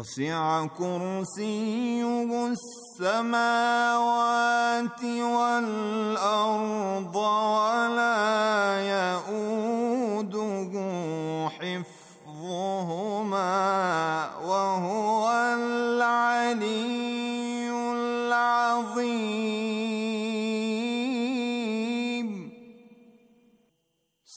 وسع كرسيه السماوات والارض ولا يؤوده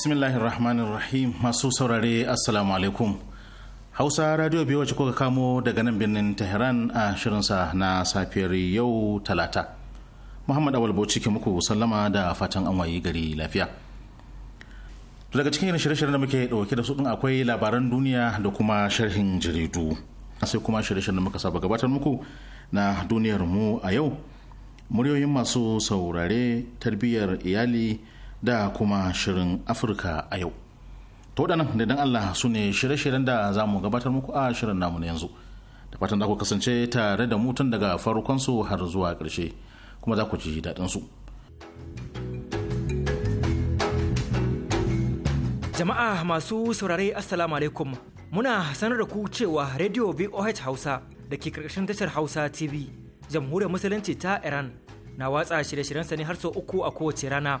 bismillahir rahmanir rahim masu saurare assalamu alaikum hausa radio biyu wacce kuka kamo daga nan birnin tehran a shirinsa na safiyar yau talata muhammad awal bauchi ke muku sallama da fatan an wayi gari lafiya daga cikin shirye-shiryen da muke dauke da su din akwai labaran duniya da kuma sharhin jaridu sai kuma shirye-shiryen da muka saba gabatar muku na duniyar mu a yau muryoyin masu saurare tarbiyyar iyali da kuma shirin Afirka a yau. To da dan Allah su ne shirye-shiryen da za mu gabatar muku a shirin namu na yanzu. Da fatan da ku kasance tare da mutun daga farkon har zuwa ƙarshe kuma za ku ji daɗin su. Jama'a masu saurare Assalamu alaikum muna sanar da ku cewa Radio VOH Hausa da ke karkashin tashar Hausa TV jamhuriyar musulunci ta Iran na watsa shirye-shiryen ne har sau uku a kowace rana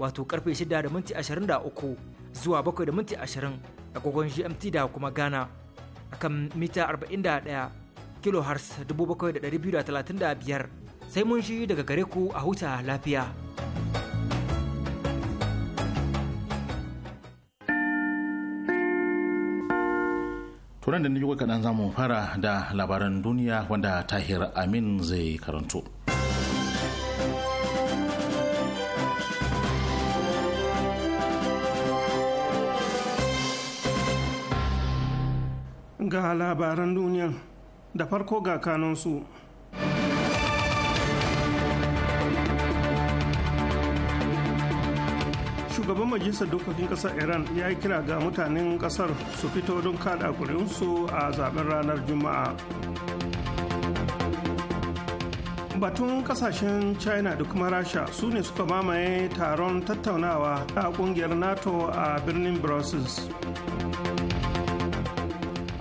wato karfe 6 da minti 23 zuwa 7 da minti 20 agogon GMT da kuma Ghana akan mita 41 kHz 7235 sai mun shi daga gare ku a huta lafiya. Turan da na yi kaɗan zamu fara da labaran duniya wanda Tahir Amin zai karanto. ga labaran duniya da farko ga kanunsu. shugaban majalisar dokokin kasar iran ya yi kira ga mutanen kasar su fito don kada kuri'unsu a zaben ranar juma'a batun kasashen china da kuma rasha su ne suka mamaye taron tattaunawa a kungiyar nato a birnin brussels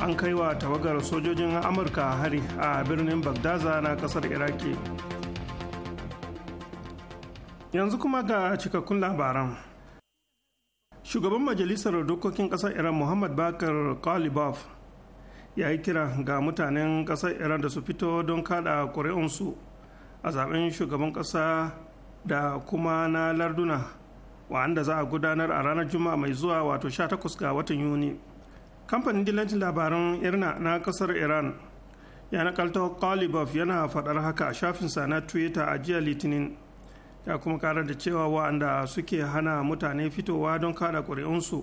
an kai wa tawagar sojojin amurka hari a birnin bagdaza na kasar iraki yanzu kuma ga cikakkun labaran shugaban majalisar dokokin kasar iran muhammad bakar kalibov ya yi kira ga mutanen kasar iran da su fito don kada ƙuri'unsu a zaben shugaban kasa da kuma na larduna wa'anda za a gudanar a ranar juma'a mai zuwa wato 18 ga watan yuni kamfanin dillancin labaran irna na kasar iran ya nakalta kalibov yana fadar haka a shafinsa na twitter a jiya litinin ya kuma karar da cewa wa'anda suke hana mutane fitowa don kada ƙuri'unsu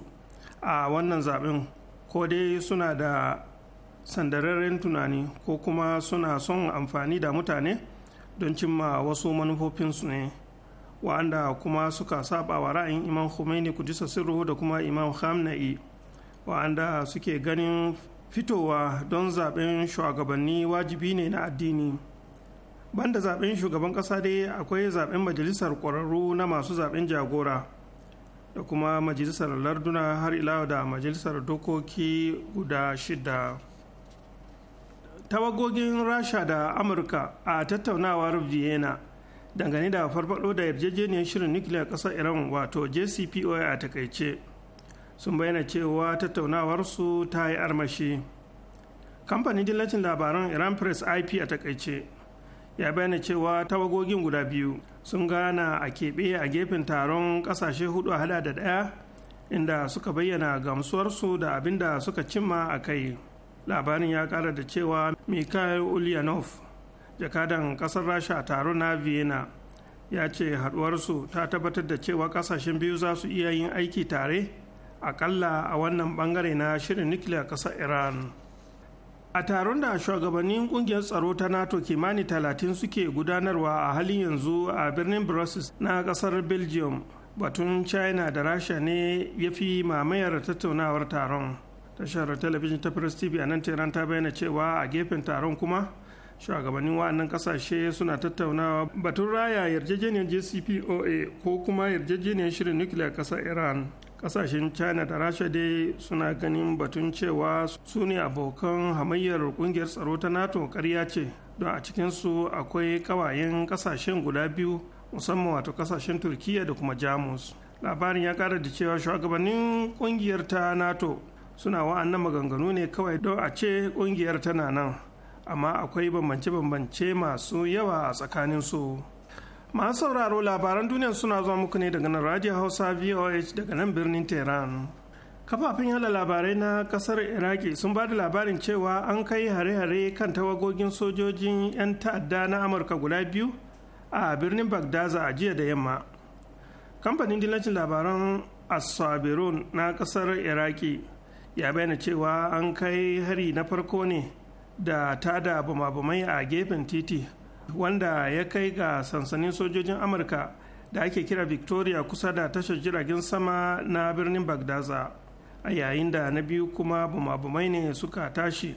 a wannan zaɓen ko dai suna da sandararren tunani ko kuma suna son amfani da mutane don cimma wasu manufofinsu ne wa'anda kuma suka saba wa ra'ayin imam khomeini kudisa sirru da kuma imam hamna'i wa'anda suke ganin fitowa don zaben shugabanni wajibi ne na addini banda zaben shugaban kasa dai akwai zaben majalisar ƙwararru na masu zaben jagora da kuma majalisar larduna har ila da majalisar dokoki guda shida tawagogin rasha da amurka a tattaunawar vienna dangane da farfado da yarjejeniyar shirin nukiliyar ƙasar iran wato jcpoa a takaice sun bayyana cewa tattaunawarsu ta yi armashi kamfanin dillacin labaran iran press ip a takaice ya bayyana cewa tawagogin guda biyu sun gana a keɓe a gefen taron ƙasashe hudu a hada da ɗaya inda suka bayyana gamsuwarsu da abin da suka cimma a kai labarin ya ƙara da cewa mikhail ulyanov jakadan ƙasar rasha a taron na vienna ya ce haɗuwarsu ta tabbatar da cewa ƙasashen biyu za su iya yin aiki tare akalla a wannan bangare na shirin nukiliya kasar iran a taron da shugabannin kungiyar tsaro ta nato kimani talatin suke gudanarwa a halin yanzu a birnin brussels na kasar belgium batun china da rasha ne ya fi mamayar tattaunawar taron tashar talabijin ta press tv a nan tehran ta bayyana cewa a gefen taron kuma shugabannin wa'annan kasashe suna tattaunawa batun raya yarjejeniyar jcpoa ko kuma yarjejeniyar shirin nukiliyar kasar iran kasashen china da rasha dai suna ganin batun cewa su ne abokan hamayyar kungiyar tsaro ta nato karya ce don a cikinsu akwai kawayen kasashen guda biyu musamman wato kasashen turkiya da kuma jamus labarin ya kara da cewa shugabannin kungiyar ta nato suna wa'annan maganganu ne kawai don a ce kungiyar tana nan amma akwai bambance-bambance masu yawa a tsakaninsu. su masu sauraro labaran duniya suna zuwa muku ne daga nan radio hausa voh daga nan birnin tehran kafafen yada labarai na kasar iraki sun ba da labarin cewa an kai hare-hare kan tawagogin sojojin 'yan ta'adda na amurka guda biyu a birnin bagdaza a jiya da yamma kamfanin dillacin labaran asabirun na kasar iraki ya bayyana cewa an kai hari na farko ne da tada bama-bamai a gefen titi wanda ya kai ga sansanin sojojin amurka da ake kira victoria kusa da tashar jiragen sama na birnin bagdaza a yayin da na biyu kuma bumabumai ne suka tashi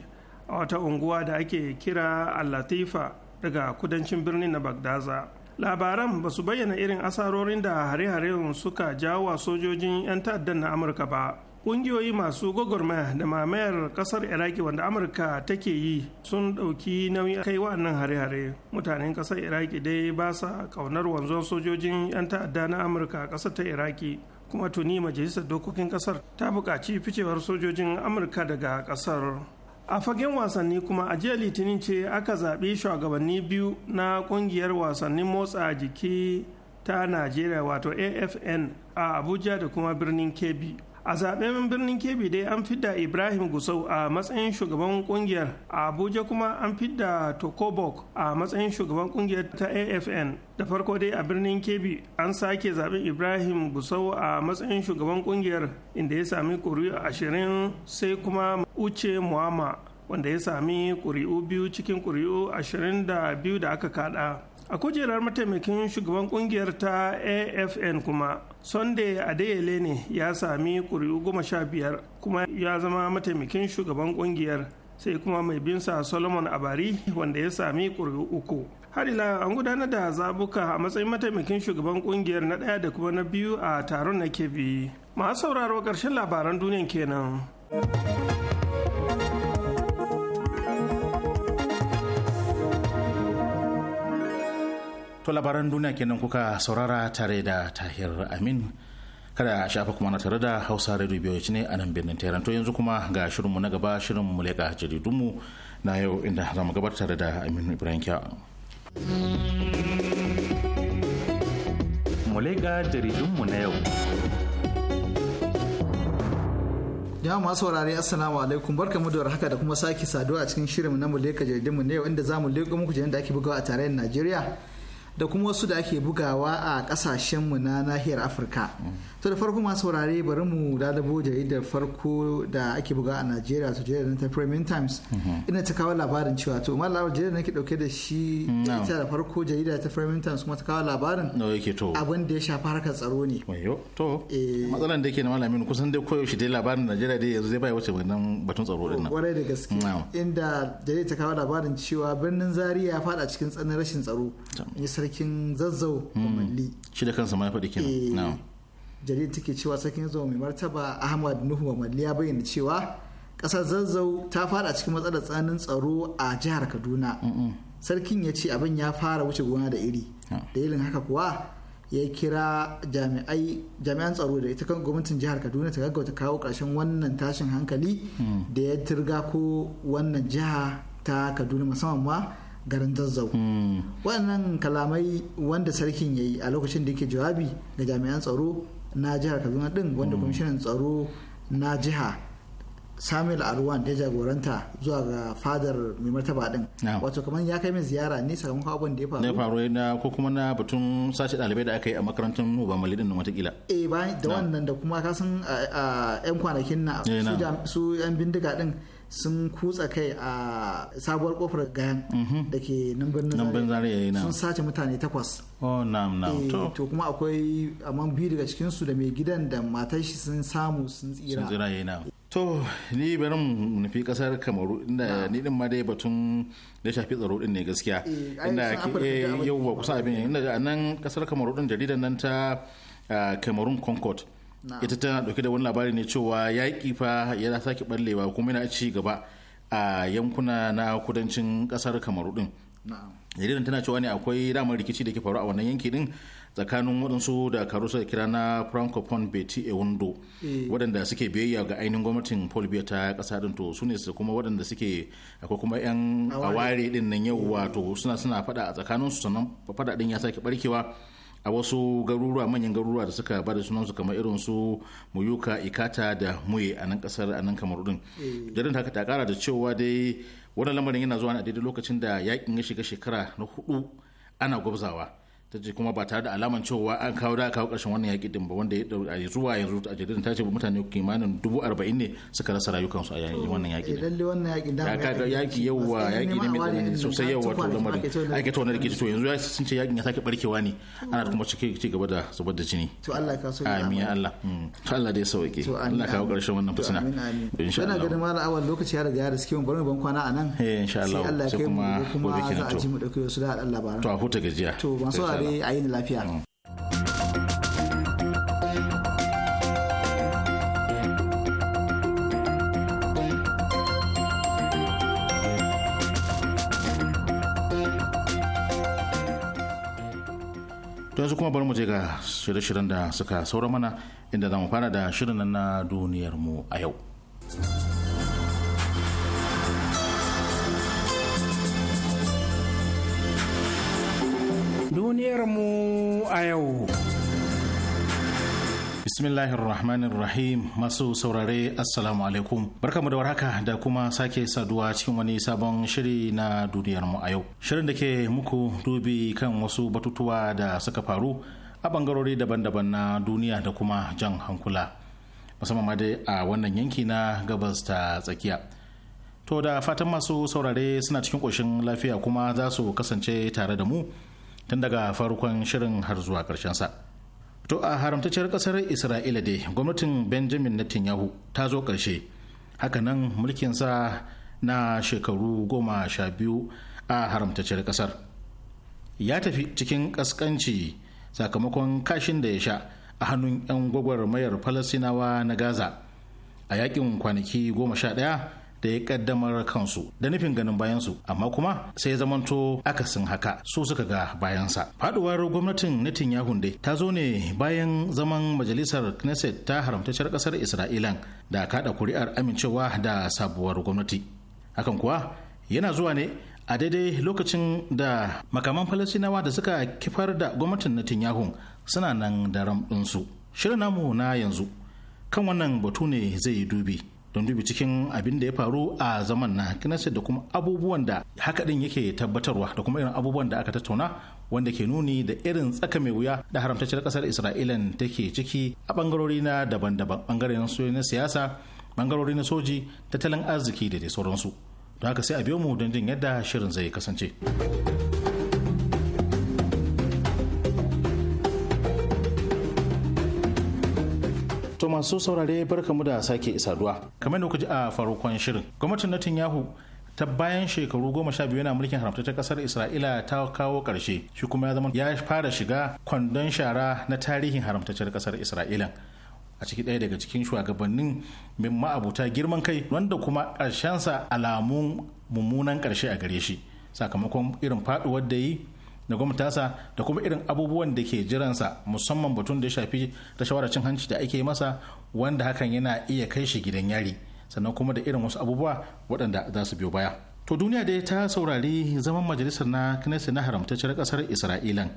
a wata unguwa da ake kira al-latifa daga kudancin birnin na bagdaza labaran ba su bayyana irin asarorin da hare-haren suka jawo wa sojojin 'yan ta'addan na amurka ba ƙungiyoyi masu gwagwarmaya da mamayar ƙasar iraki wanda amurka take yi sun ɗauki nauyi kai wa'annan hare-hare mutanen ƙasar iraki dai ba sa ƙaunar wanzuwar sojojin 'yan ta'adda na amurka a ƙasar ta iraki kuma tuni majalisar dokokin ƙasar ta buƙaci ficewar sojojin amurka daga ƙasar a fagen wasanni kuma a jiya litinin ce aka zaɓi shugabanni biyu na ƙungiyar wasannin motsa jiki ta najeriya wato afn a abuja da kuma birnin kebbi a zaben birnin kebbi dai an fidda ibrahim gusau a matsayin shugaban kungiyar a abuja kuma an fidda tokobok a matsayin shugaban kungiyar ta afn da farko dai a birnin kebbi an sake zaben ibrahim gusau a matsayin shugaban kungiyar inda ya sami kuri'u ashirin sai kuma uce muama wanda ya sami kuri'u biyu cikin kuri'u ashirin da biyu da aka kada a kujerar mataimakin shugaban kungiyar ta afn kuma sunday adeyele ne ya sami ƙuri'u goma sha biyar kuma ya zama mataimakin shugaban kungiyar sai kuma mai binsa solomon abari wanda ya sami ƙuri'u uku har ila an gudanar da zabuka a matsayin mataimakin shugaban kungiyar na ɗaya da kuma na biyu a taron na kebi masu sauraro karshen labaran duniya kenan. To labaran duniya kenan kuka saurara tare da Tahir Amin. Kada a shafa kuma na tare da Hausa Radio Biyoci ne a nan birnin Tehran. To yanzu kuma ga shirinmu na gaba shirin mu leƙa jaridunmu na yau inda za mu gabatar da amin Ibrahim Kya. Mu leƙa jaridunmu na yau. ya masu saurare Assalamu alaikum mu da haka da kuma sake saduwa a cikin shirin na mu leƙa jaridunmu na yau inda za mu leka muku jaridun da ake bugawa a tarayyar Najeriya. da kuma wasu da ake bugawa a kasashenmu na nahiyar afirka to da farko masu saurare bari mu dadabo jaridar farko da ake buga a najeriya to jaridar ta premium times mhm. ina ta kawo labarin cewa to ma labarin jaridar nake dauke da shi mm, ita da farko jarida ta premium times kuma ta kawo labarin abin da ya shafi harkar tsaro ne to eh. matsalan da yake na malamin kusan dai koyaushe dai labarin najeriya dai yanzu zai bai wuce wannan batun tsaro din nan kwarai da gaske inda jaridar ta kawo labarin cewa birnin zaria ya fada cikin tsananin rashin tsaro sarkin zazzau hmm. malli shi da kansa ma ya faɗi kenan eh, jaridar take cewa sarkin zazzau mai martaba ahmad nuhu malli ya bayyana cewa ƙasar zazzau ta fara cikin matsalar tsananin tsaro a jihar kaduna sarkin ya ce abin ya fara wuce gona da iri da dalilin haka kuwa ya kira jami'an tsaro da ita kan gwamnatin jihar kaduna ta gaggauta kawo ƙarshen wannan tashin hankali hmm. da ya turga ko wannan jiha ta kaduna musamman ma garin zazzau hmm. waɗannan kalamai wanda sarkin ya yi a lokacin da yake jawabi ga jami'an tsaro na jihar kaduna din wanda hmm. kwamishinan tsaro na jiha samuel da ya jagoranta zuwa ga fadar mai martaba din wato kamar ya kai min ziyara ne sakamakon abin da ya faru ya faru na ko kuma na batun sashi ɗalibai da aka yi a makarantar ba mali na watakila eh bayan da wannan da kuma kasan yan kwanakin na eh, su yan bindiga din sun kutsa kai a sabuwar kofar gayan mhm. da ke nan birnin zaria sun sace mutane takwas oh na'am na'am eh, to to kuma akwai amma biyu daga cikin su da mai gidan da matar shi sun samu sun tsira sun tsira yana to ni bari mu nufi kasar kamaru inda ni din ma dai batun da shafi tsaro din ne gaskiya eh, inda eh, yau ba kusa abin inda nan kasar kamaru din jaridan nan ta kamarun ah, concord ita tana dauke da wani labari ne cewa yaƙi fa ya sake ballewa kuma yana ci gaba a yankuna na kudancin kasar kamaru din jaridan tana cewa ne akwai damar rikici da ke faru a wannan yanki din tsakanin waɗansu da karusa da kira na francophone beti ewundo eh. waɗanda suke biyayya ga ainihin gwamnatin paul biya ta ƙasa din to su ne su kuma waɗanda suke akwai kuma yan aware din nan yau wato eh. suna suna faɗa a tsakaninsu sannan faɗa din ya sake ɓarkewa. a wasu garuruwa manyan garuruwa da suka bada sunansu kamar irin su muyuka ikata da muye a nan kasar a nan kamar din jaridar eh. haka ta kara da cewa dai wannan lamarin yana zuwa a daidai lokacin da yakin ya shiga shekara na hudu ana gwabzawa ta ce kuma ba tare da alaman cewa an kawo da kawo karshen wannan yaƙi din ba wanda ya a zuwa yanzu a jaridar ta ce mutane kimanin dubu arba'in ne suka rasa rayukansu a yayin wannan yaƙi din lalle wannan yaƙi da ka yaƙi yawa yaƙi ne mai sosai yawa to lamari ake ta wannan rikici to yanzu sun ce yaƙin ya sake barkewa ne ana kuma cike ci gaba da zubar da jini to Allah ka so amin ya Allah hmm. to Allah dai sauke Allah kawo karshen wannan fitina insha Allah kana ganin malam awal lokaci ya riga ya riske mu bari mu ban kwana anan eh insha Allah sai kuma gobe kenan to sai Allah ya kai mu dauke su da to a huta gajiya to ban so saurare a yin lafiya. Mm. yanzu kuma bari mu je ga shirye-shiryen da suka saura mana inda za mu fara da shirin na duniyar mu a yau. Duniyarmu a yau. rahim masu saurare Assalamu alaikum. Barkamu da warhaka da kuma sake saduwa cikin wani sabon shiri na duniyarmu a yau. Shirin da ke muku dubi kan wasu batutuwa da suka faru a bangarori daban-daban na duniya da kuma jan hankula. Musamman ma dai a wannan yanki na gabas ta tsakiya. To da fatan masu saurare suna cikin ƙoshin lafiya kuma za su kasance tare da mu. tun daga farkon shirin har zuwa karshen sa to a haramtacciyar kasar isra'ila dai gwamnatin benjamin netanyahu ta zo karshe hakanan mulkinsa na shekaru goma sha biyu a haramtacciyar kasar ya tafi cikin kaskanci sakamakon kashin da ya sha a hannun 'yan gwagwarmayar falasinawa na gaza a yakin kwanaki goma sha ɗaya da ya kaddamar kansu da nufin ganin bayansu amma kuma sai zamanto akasin haka su suka ga bayansa faduwar gwamnatin Netanyahu dai ta zo ne bayan zaman majalisar Knesset ta haramtacciyar kasar Isra'ilan da kada kuri'ar amincewa da sabuwar gwamnati hakan kuwa yana zuwa ne a daidai lokacin da makaman falasinawa da suka kifar da gwamnatin Netanyahu suna nan da ramɗinsu shirin namu na yanzu kan wannan batu ne zai yi dubi don dubi cikin abin da ya faru a zaman na Knesset da kuma abubuwan da haka din yake tabbatarwa da kuma irin abubuwan da aka tattauna wanda ke nuni da irin tsaka mai wuya da haramtacciyar kasar israila take ciki a bangarori na daban-daban bangaren na siyasa bangarori na soji tattalin arziki da dai sauransu don haka sai a biyo mu don jin yadda shirin zai kasance. To masu saurare barkamu da sake saduwa. Kamar da kuji ji a farkon shirin, gwamnatin Netanyahu ta bayan shekaru goma sha biyu yana mulkin haramta ta kasar isra'ila ta kawo karshe shi kuma ya zama ya fara shiga kwandon shara na tarihin haramtacciyar kasar isra'ila a ciki ɗaya daga cikin shugabannin min ma'abuta girman kai wanda kuma ƙarshensa alamun mummunan ƙarshe a gare shi sakamakon irin faɗuwar da yi da sa da kuma irin abubuwan da ke jiransa musamman batun da ya shafi ta shawarar cin hanci da ake masa wanda hakan yana iya kai shi gidan yari sannan kuma da irin wasu abubuwa waɗanda za su biyo baya to duniya dai ta saurari zaman majalisar na knesset na haramtacciyar ƙasar isra'ilan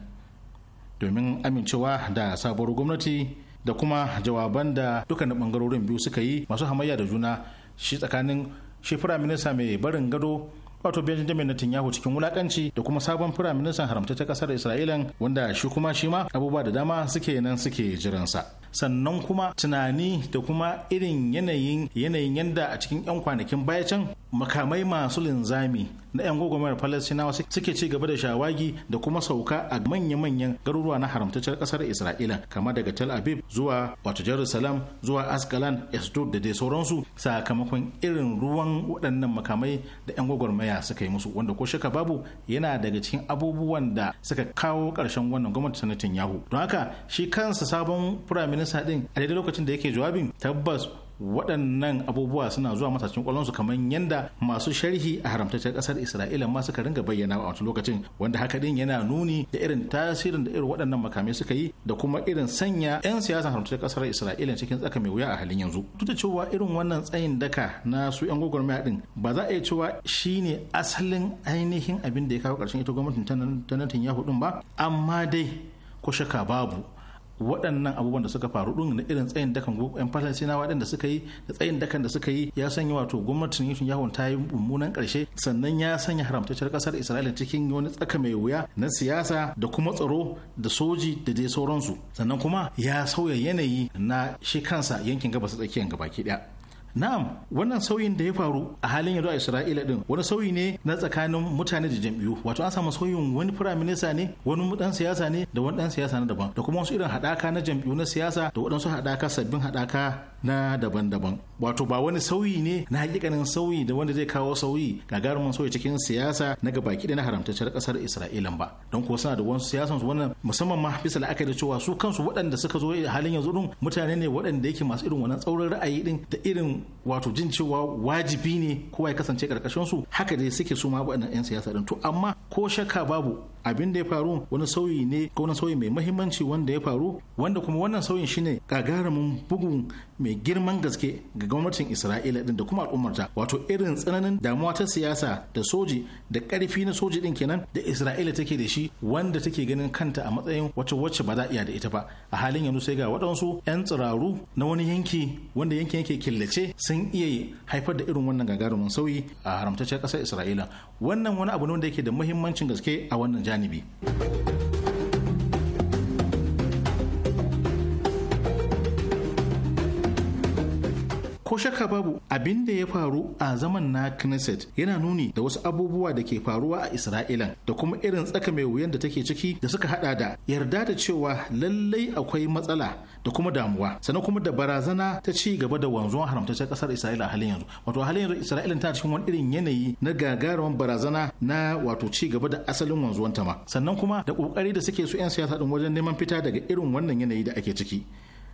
domin amincewa da sabuwar gwamnati da kuma jawaban da dukkanin bangarorin biyu suka yi masu hamayya da juna shi tsakanin shi firaminista mai barin gado wato benjamin netanyahu cikin wulakanci da kuma sabon firaministan haramta ta kasar isra'ilan wanda shi kuma shi ma abubuwa da dama suke nan suke jiransa sannan kuma tunani da kuma irin yanayin yanayin yanda a cikin 'yan kwanakin baya can makamai masu linzami na 'yan gwagwarmayar Falasinawa suke ci gaba da shawagi da kuma sauka a manya-manyan garuruwa na haramtaccen kasar Isra'ila kama daga Tel Aviv zuwa wato Jerusalem zuwa askalan Asdod da dai sauransu sakamakon irin ruwan waɗannan makamai da 'yan gwagwarmaya suka yi musu wanda ko shaka babu yana daga cikin abubuwan da suka kawo ƙarshen wannan gwamnati sanatin Yahu. Don haka shi kansa sabon firaminista ɗin a daidai lokacin da yake jawabin tabbas waɗannan abubuwa suna zuwa masashen cikin kamar yadda masu sharhi a haramtaccen ƙasar isra'ila ma suka ringa bayyana a wancan lokacin wanda haka din yana nuni da irin tasirin da irin waɗannan makamai suka yi da kuma irin sanya 'yan siyasan haramtaccen ƙasar isra'ila cikin tsaka mai wuya a halin yanzu duk da cewa irin wannan tsayin daka na su 'yan gwagwarmaya din ba za a yi cewa shine asalin ainihin abin da ya kawo ƙarshen ita gwamnatin ta Netanyahu din ba amma dai ko shaka babu waɗannan abubuwan da suka faru ɗin na irin tsayin dakan yan falasinawa ɗin da suka yi da tsayin dakan da suka yi ya sanya wato gwamnatin yankin yawon ta yi mummunan ƙarshe sannan ya sanya haramtaccen ƙasar isra'ila cikin wani tsaka mai wuya na siyasa da kuma tsaro da soji da dai sauransu sannan kuma ya sauya yanayi na shi kansa yankin gabas tsakiyar gabaki ɗaya Na'am, wannan sauyin da ya faru a halin yanzu a Isra'ila din wani sauyi ne na tsakanin mutane da jam'iyyu. Wato an samu sauyin wani firayim ne, wani dan siyasa ne da wani dan siyasa na daban. Da kuma wasu irin haɗaka na jam'iyyu na siyasa da waɗansu haɗaka sabbin haɗaka na daban-daban. wato ba wani sauyi ne na hakikanin sauyi da wanda zai kawo sauyi gagarumin sauyi cikin siyasa na ga baki da na haramtacciyar kasar isra'ila ba don kuwa suna da wasu siyasan su wannan musamman ma bisa la'akari cewa su kansu waɗanda suka zo halin yanzu din mutane ne waɗanda yake masu irin wannan tsaurin ra'ayi din da irin wato jin cewa wajibi ne kowa ya kasance karkashin su haka dai suke su ma waɗannan 'yan siyasa din to amma ko shakka babu abin da ya faru wani sauyi ne ko wani sauyi mai mahimmanci wanda ya faru wanda kuma wannan sauyin shine gagarumin bugun mai girman gaske ga gwamnatin Isra'ila din da kuma al'ummar ta wato irin tsananin damuwa ta siyasa da soji da karfi na soji din kenan da Isra'ila take da shi wanda take ganin kanta a matsayin wacce wacce ba za iya da ita ba a halin yanzu sai ga waɗansu 'yan tsiraru na wani yanki wanda yankin yake killace sun sun iya haifar da irin wannan gagarumin sauyi a haramtacciyar ƙasar isra'ila wannan wani abu ne wanda yake da muhimmancin gaske a wannan janibi. ko shakka babu abin da ya faru a zaman na knesset yana nuni da wasu abubuwa da ke faruwa a Isra'ila da kuma irin tsaka mai wuyan da take ciki da suka hada da yarda da cewa lallai akwai matsala da kuma damuwa sannan kuma da barazana ta ci gaba da wanzuwan haramtaccen kasar isra'ila a halin yanzu wato a halin yanzu isra'ilan ta cikin wani irin yanayi na gagarumin barazana na wato ci gaba da asalin wanzuwan ta ma sannan kuma da kokari da suke su 'yan siyasa din wajen neman fita daga irin wannan yanayi da ake ciki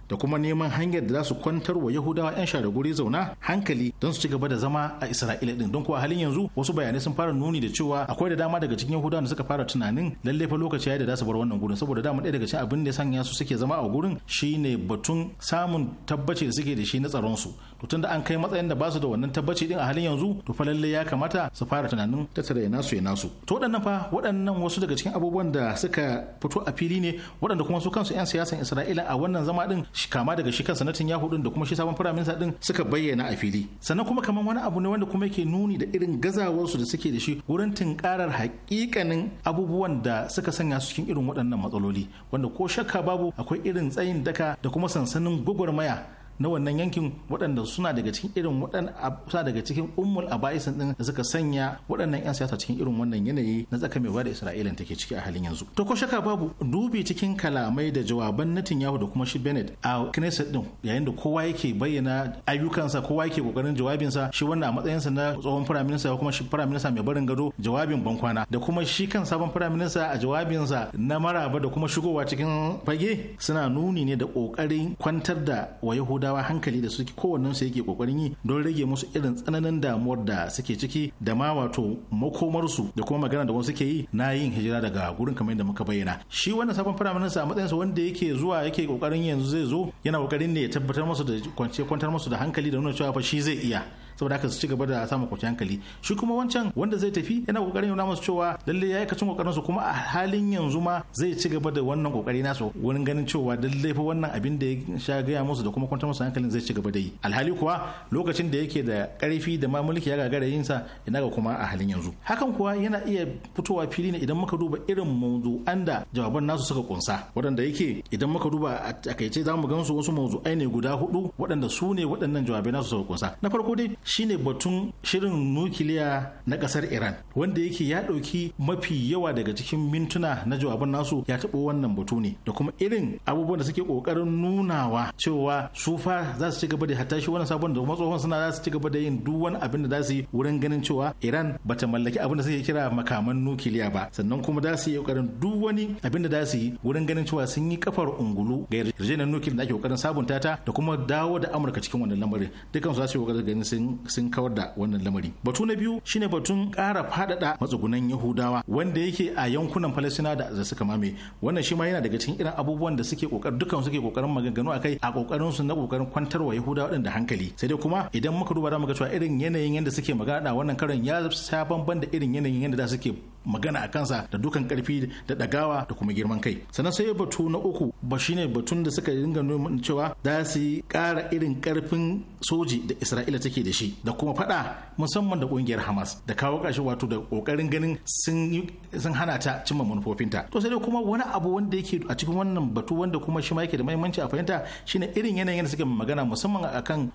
da kuma neman hanyar da za su kwantar wa yahudawa 'yan share guri zauna hankali don su ci gaba da zama a isra'ila din don kuwa halin yanzu wasu bayanai sun fara nuni da cewa akwai da dama daga cikin yahudawa da suka fara tunanin lalle fa lokaci yi da za su bar wannan gurin saboda dama ɗaya daga cikin abin da ya sanya su suke zama a gurin shine batun samun tabbaci da suke da shi na tsaron su to tunda an kai matsayin da ba da wannan tabbaci din a halin yanzu to fa lalle ya kamata su fara tunanin tattara ya nasu ya nasu to waɗannan fa waɗannan wasu daga cikin abubuwan da suka fito a fili ne waɗanda kuma su kansu 'yan siyasan Isra'ila a wannan zama din kama daga shi kansa Netanyahu Yahu da kuma shi sabon firaminsa din suka bayyana a fili sannan kuma kamar wani abu ne wanda kuma yake nuni da irin gazawarsu da suke da shi wurin tunkarar hakikanin abubuwan da suka sanya su cikin irin waɗannan matsaloli wanda ko shakka babu akwai irin tsayin daka da kuma sansanin gwagwarmaya na wannan yankin waɗanda suna daga cikin irin waɗanda daga cikin ummul aba'isin din da suka sanya waɗannan 'yan siyasa cikin irin wannan yanayi na tsaka mai da isra'ilan take ciki a halin yanzu to ko shaka babu dubi cikin kalamai da jawaban yahu da kuma shi benet a knesset din yayin da kowa yake bayyana ayyukansa kowa yake kokarin jawabinsa shi wannan a matsayinsa na tsohon firaminista kuma shi firaminista mai barin gado jawabin bankwana da kuma shi kan sabon firaminista a jawabinsa na maraba da kuma shigowa cikin fage suna nuni ne da kokarin kwantar da wa yahuda gaggawa hankali da suke kowannen su yake kokarin yi don rage musu irin tsananin damuwar da suke ciki da ma wato makomar su da kuma magana da wasu suke yi na yin hijira daga gurin kamar da muka bayyana shi wannan sabon firaminista a matsayinsa wanda yake zuwa yake kokarin yanzu zai zo yana kokarin ne ya tabbatar musu da kwanciyar kwantar musu da hankali da nuna cewa fa shi zai iya saboda haka su ci gaba da samun kwanciyar hankali shi kuma wancan wanda zai tafi yana kokarin yana musu cewa lalle ya kacin kokarin su kuma a halin yanzu ma zai ci gaba da wannan kokari nasu wurin ganin cewa lalle fa wannan abin da ya sha gaya musu da kuma kwantar musu hankalin zai ci gaba da yi alhali kuwa lokacin da yake da karfi da ma mulki ya gagara yin sa ina ga kuma a halin yanzu hakan kuwa yana iya fitowa fili ne idan muka duba irin an da jawaban nasu suka kunsa waɗanda yake idan muka duba a takaice za mu gan su wasu ne guda hudu waɗanda su ne waɗannan jawabai nasu suka kunsa na farko dai shine batun shirin nukiliya na kasar iran wanda yake ya dauki mafi yawa daga cikin mintuna na jawabin nasu ya taɓo wannan batu ne da kuma irin abubuwan da suke ƙoƙarin nunawa cewa su fa za su ci gaba da hatta shi wannan sabon da matsohon suna za su ci gaba da yin duk wani abin da za su yi wurin ganin cewa iran ba ta mallaki abin da suke kira makaman nukiliya ba sannan kuma za su yi ƙoƙarin duk wani abin da za su yi wurin ganin cewa sun yi kafar ungulu ga yarjejeniyar nukiliya da ake ƙoƙarin sabunta ta da kuma dawo da amurka cikin wannan lamarin su za su yi ƙoƙarin ganin sun sun kawar da wannan lamari batu na biyu shine batun ƙara faɗaɗa matsugunan yahudawa wanda yake a yankunan falasina da suka mame wannan shi ma yana daga cikin irin abubuwan da suke kokar dukkan suke kokarin maganganu akai a kokarin su na kokarin wa yahudawa din da hankali sai dai kuma idan muka duba za mu ga cewa irin yanayin yadda suke magana wannan karan ya saban bamban irin yanayin yadda da suke magana a kansa da dukan karfi da dagawa da kuma girman kai sannan sai batu na uku ba shine batun da suka ringa nuna cewa za su yi ƙara irin karfin soji da isra'ila take da shi da kuma fada musamman da kungiyar hamas da kawo kashi wato da kokarin ganin sun hana ta cimma manufofinta to sai dai kuma wani abu wanda yake a cikin wannan batu wanda kuma shi ma yake da muhimmanci a fahimta shine irin yanayin da suke magana musamman kan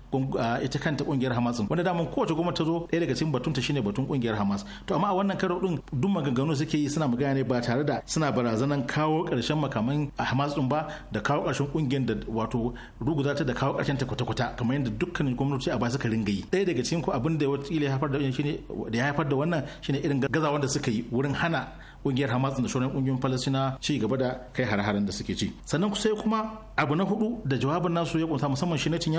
ita kanta kungiyar hamas wanda daman kowace gwamnati ta zo ɗaya daga cikin batunta shine batun kungiyar hamas to amma a wannan karo din duk maganganu suke yi suna magana ne ba tare da suna barazanan kawo ƙarshen makaman Hamas din ba da kawo ƙarshen kungiyar da wato ruguza ta da kawo ƙarshen ta kwata-kwata kamar yadda dukkanin gwamnati a ba suka ringa yi. Ɗaya daga cikin ko abin da ya haifar da wannan shine irin gazawar da suka yi wurin hana kungiyar hamas da shoran kungiyoyin Falasina ci gaba da kai har-haren da suke ci sannan sai kuma abu na hudu da jawabin nasu ya kunsa musamman shi na shi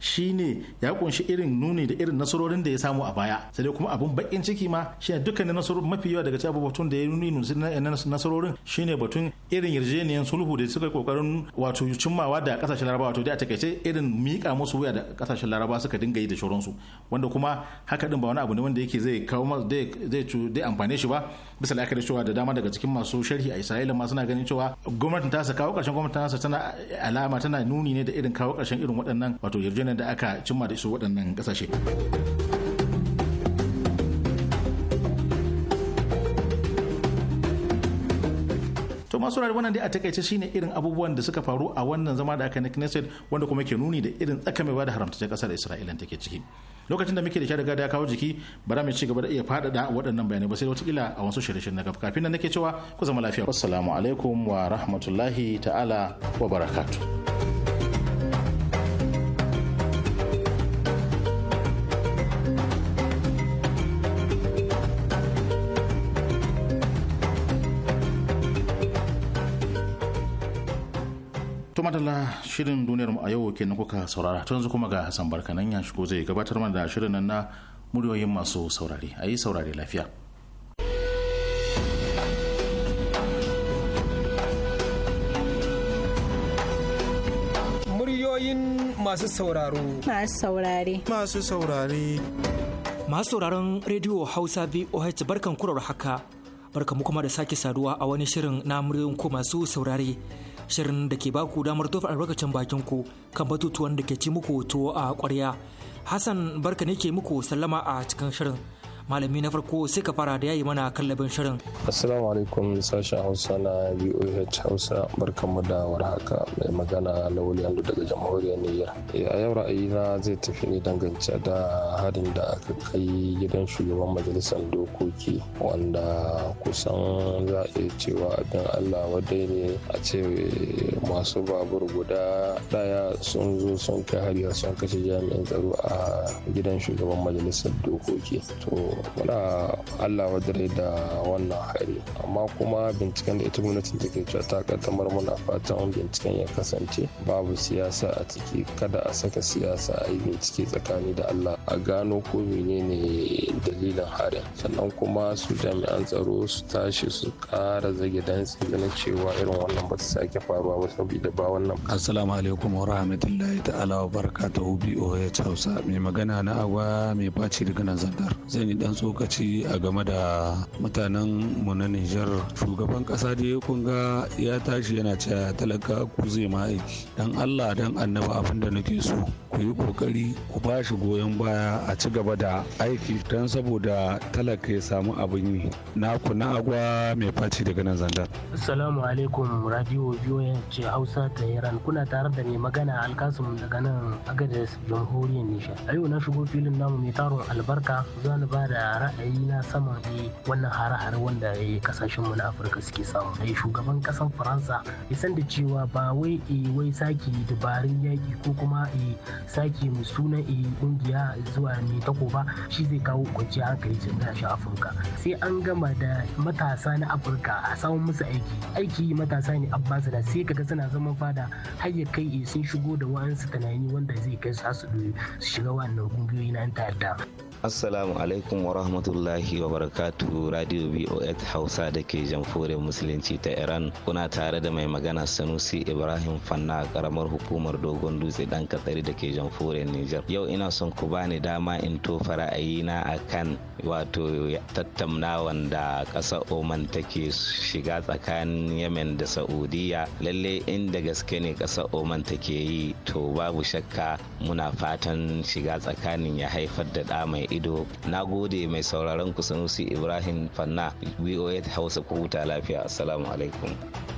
shine ya kunshi irin nuni da irin nasarorin da ya samu a baya sai dai kuma abun bakin ciki ma shine dukkanin nasarorin mafi yawa daga cikin batun da ya nuni nasarorin shine batun irin yarjejeniyar sulhu da suka kokarin wato cimmawa da kasashen Laraba wato dai a takaice irin mika musu wuya da kasashen Laraba suka dinga yi da shoransu wanda kuma haka din ba wani abu ne wanda yake zai kawo zai zai amfane shi ba bisa la'akari cewa da dama daga cikin masu sharhi a isra'ila ma suna ganin cewa gwamnatin ta kawo karshen gwamnatin nasa tana alama tana nuni ne da irin kawo karshen irin waɗannan wato yarjejeniyar da aka cimma da su waɗannan ƙasashe. to masu rari wannan dai a takaice shine irin abubuwan da suka faru a wannan zama da aka na Knesset wanda kuma ke nuni da irin tsakamewa da haramtaccen kasar Isra'ila take ciki lokacin da muke da shari'a da kawo jiki bara mai ci gaba da iya faɗaɗa waɗannan bayanai ba sai wata kila a wasu shirye-shirye na gaba kafin nan nake cewa ku zama lafiya assalamu alaikum wa rahmatullahi ta'ala wa barakatu. madalla shirin duniyar mu a yau nan kuka saurara to yanzu kuma ga Hassan nan ya shigo zai gabatar mana da shirin nan na muryoyin masu saurare a yi saurare lafiya. Muryoyin masu sauraro. Masu saurare. Masu saurare. Masu sauraron rediyo Hausa VOH barkan kurar haka. Barkamu kuma da sake saduwa a wani shirin na muryoyin ku masu saurare. shirin da ke baku damar tofa albarkacin bakin ku kan batutuwan da ke ci muku tuwo a ƙwarya. Hassan barka ne ke muku sallama a cikin shirin malami na farko sai ka fara da yayi mana kallabin shirin assalamu alaikum sashen hausa na voh hausa barkanmu da warhaka mai magana lauli ando daga jamhuriyar niyyar eh, a yau ra'ayina zai tafi ne dangance da harin da aka kai gidan shugaban majalisar dokoki wanda kusan za a iya cewa abin allah wadai ne a ce masu babur guda daya sun zo sun kai hari sun kashe jami'in tsaro a gidan shugaban majalisar dokoki to muna allah wadare da wannan hari amma kuma binciken da ita gwamnatin take cewa ta kaddamar muna fatan binciken ya kasance babu siyasa a ciki kada a saka siyasa a yi bincike tsakani da allah a gano ko menene dalilin harin sannan kuma su jami'an tsaro su tashi su kara zage dantsi ganin cewa irin wannan ba ta sake faruwa ba saboda ba wannan assalamu alaikum wa rahmatullahi ta'ala wa barakatuhu boh hausa mai magana na agwa mai bacci daga nan zan dan tsokaci a game da mutanen mu na Nijar shugaban ƙasa da ya kunga ya tashi yana cewa talaka ku zai ma aiki dan Allah dan annabi abin da nake so ku yi kokari ku ba shi goyon baya a ci gaba da aiki dan saboda talaka ya samu abin yi na ku na agwa mai faci daga nan zandar assalamu alaikum radio biyoyin ce hausa ta iran kuna tare da mai magana alkasum daga nan agadez jamhuriyar nisha? a yau na shigo filin namu mai taron albarka zan ba da da na sama ne wannan hare-hare wanda ya kasashen mu na afirka suke samu ai shugaban kasan faransa ya san da cewa ba wai eh, wai saki dabarun yaƙi ko kuma eh, saki mu sunan kungiya eh, zuwa mai tako ba shi zai kawo kwanci hankali cikin kasashen afirka sai an gama da matasa na afirka a samun musu aiki aiki matasa ne abbasu da sai kaga suna zama fada har ya kai sun shigo da wa'ansu tunani wanda zai kai su su shiga wannan kungiyoyi na ta'adda Assalamu alaikum wa rahmatullahi wa barakatu Radio BOS Hausa da ke jamhuriyar Musulunci ta Iran kuna tare da mai magana Sanusi Ibrahim Fanna karamar hukumar Dogon Dutse dan Katsari da ke jamhuriyar Nijar. Yau ina son ku bani dama in tofa ra'ayina akan wato tattaunawan da ƙasar Oman take shiga tsakanin Yemen da Saudiya. Lalle inda gaske ne ƙasar Oman take yi to babu shakka muna fatan shiga tsakanin ya haifar da da mai ido na gode mai sauraron kusanusi ibrahim fanna voa hausa ku huta lafiya assalamu alaikum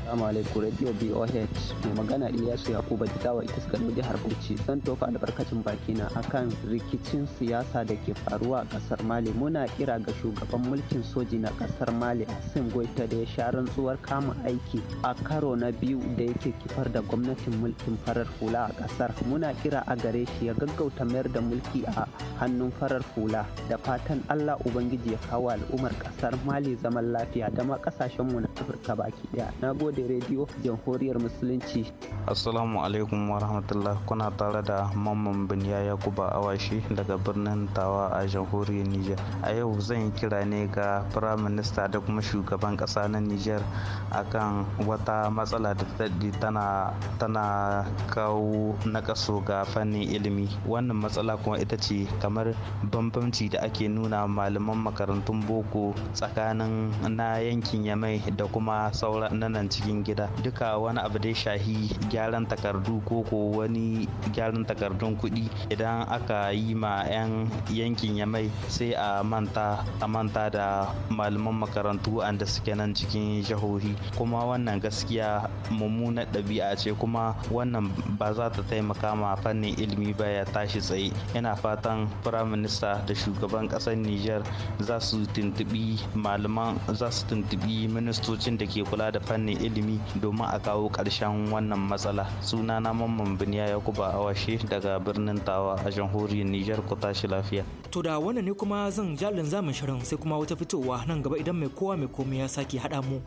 Assalamu alaikum Radio BOH mai magana Ilyasu Yakuba dawa ita suka jihar Bauchi zan tofa albarkacin bakina akan rikicin siyasa da ke faruwa a ƙasar Mali muna kira ga shugaban mulkin soji na kasar Mali Hassan Goita da ya sha rantsuwar kama aiki a karo na biyu da yake kifar da gwamnatin mulkin farar hula a ƙasar. muna kira a gare shi ya gaggauta mayar da mulki a hannun farar hula da fatan Allah Ubangiji ya kawo al'ummar ƙasar Mali zaman lafiya da ma kasashenmu na Afirka baki Na gode. da rediyo jamhuriyar musulunci assalamu alaikum wa rahmatullah kuna tare da mamman ya yakuba awashi daga birnin tawa a jamhuriyar niger a yau zan yi kira ne ga prime minister da kuma shugaban kasa na niger akan wata matsala da daɗi tana tana kawo nakaso ga fannin ilimi wannan matsala kuma ita ce kamar bambanci da ake nuna malaman makarantun boko tsakanin na yankin yamai da kuma sauran na nan cikin cikin gida duka wani abu da shahi gyaran takardu ko ko wani gyaran takardun kuɗi idan aka yi ma 'yan yankin ya sai a manta a manta da malaman makarantu da suke nan cikin jihohi kuma wannan gaskiya mummuna ɗabi'a ce kuma wannan ba za ta taimaka ma fannin ilimi ba ya tashi tsaye yana fatan minister da shugaban ƙasar niger za su tuntubi malaman za su tuntubi ministocin da ke kula da fannin ilimi ilimi domin a kawo ƙarshen wannan matsala sunana mamman biniya yakuba awashe daga birnin tawa a jamhuriyar nijar ku tashi lafiya to da wannan ne kuma zan jalin zamin shirin sai kuma wata fitowa nan gaba idan mai kowa mai komai ya sake haɗa mu